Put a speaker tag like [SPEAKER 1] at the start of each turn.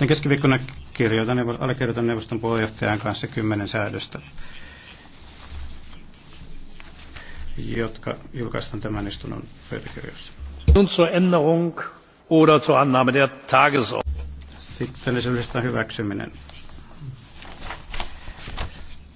[SPEAKER 1] Sitten keskiviikkona kirjoitan, allekirjoitan neuvoston puheenjohtajan kanssa kymmenen säädöstä, jotka julkaistaan tämän istunnon pöytäkirjassa.
[SPEAKER 2] Sitten esimerkiksi hyväksyminen.